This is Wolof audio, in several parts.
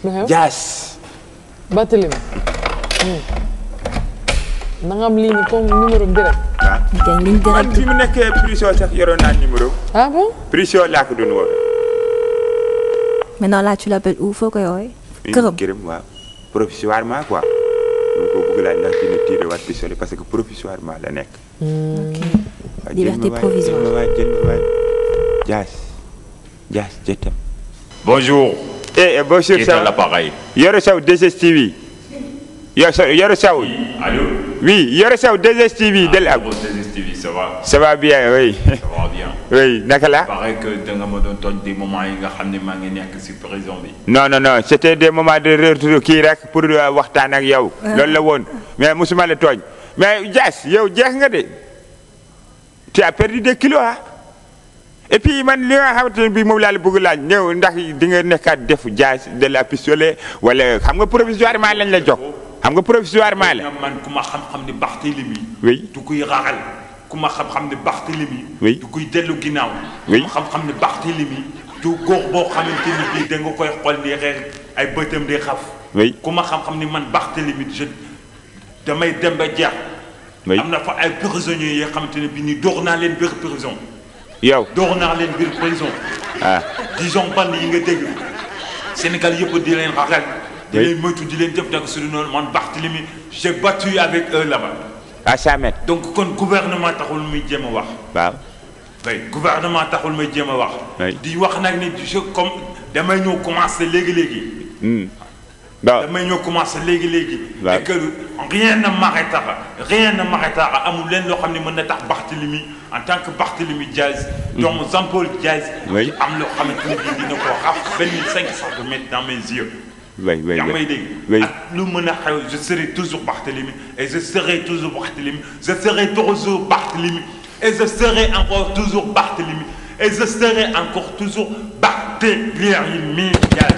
Dias. Barthélémy. Hmm. na nga am lii nii comme numéro ah. mu nekkee prison sax yoroon naa numéro. ah laa ko doon woo. maintenant là tu l'appelles où foo koy woowee. këram këram waaw ko bëgg laaj ndax dina tiré waat pistolet parce que provisoirement nekk. Hmm. ok ah, liberté provisoire. Dias Dias jëttam. bonjour. eh, eh Bachir Sow l'appareil. Yoro Sow 2STV. Yoro Sow. Allô Oui, Yoro Sow 2STV. Ah, 2STV, ça va Ça va bien, oui. Ça va bien. naka la. pareil que da nga ma doon toj des moments yi nga xam ne maa ngi nekk si prison bi. non non non c'était de retour kii rek pour euh, waxtaan ak yow. loolu la woon mais musuma la tooñ. mais Dias yow jeex nga de. tu as perdu des kilos ah. et puis man li nga xamante ne bii moom laa la bëgg laaj ñëw ndax di nga nekkaat def jaas de la pistolet wala xam nga provisoirement lañ la jox. xam nga provisoirement la. man ku ma xam-xam ni Barthélémy. oui du koy raxal ku ma xam-xam ni Barthélémy. oui du koy dellu ginnaaw. oui ku ma xam-xam ni Barthélémy du góor boo xamante ni bii da nga koy xool ni reer ay bëtam di xaf. oui ku ma xam ni man Barthélémy je damay dem ba jeex. am na fa ay prisonniers yoo xamante ne bii nii door naa leen biir prison. yow doox naa leen biir prison. ah disons band yi nga dégg. Sénégal yëpp di leen xaxal. di leen moytu di leen def nag su dul noonu man Barthélemy j'ai battu avec eux là-bas. à donc kon gouvernement taxul muy jéem a wax. waaw. oui taxul muy jéem a wax. di wax nag ni je comme damay ñëw commencé léegi léegi. Hmm. waaw damay ñoo commencé léegi léegi. waaw que rien ne m'arrêtera rien ne m'arrêtera amul leen loo xam ne mën na tax Barthélemy en tant que Barthélemy Diaz. Hmm. doomu Jean-Paul Diaz. oui am loo xamante ne bii dina ko raf benn cinq cent dans mes yeux. oui oui yaa may dégg. ak lu mën a xew je serai toujours Barthélemy et je serai toujours Barthélemy je serai toujours Barthélemy et je serai encore toujours Barthélemy et je serai encore toujours Barthélemy Diaz.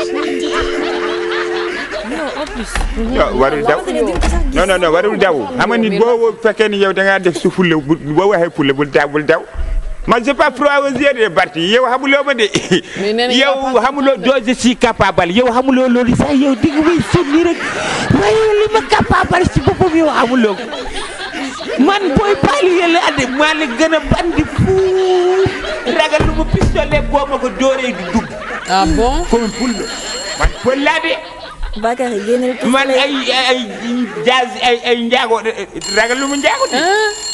en plus. warul daw non non non warul daw xam nit boo fekkee ni yow da ngaa def su fulle boo waxee fulle bul daw bul daw. man j'ai pas froid aux ma de. yow xamuloo doo je suis capable yow xamuloo loolu sax yow di nga may rek waaye yow li ma si boppam yow xamuloo man booy baalu yàlla andi maa a bandi fuuf ragal lu ma pistolet boo ma ko dooree du dugg. ah bon comme pël man pël laa de. Bakary génneel man ay ay jaas ay njaago ragal lu njaago di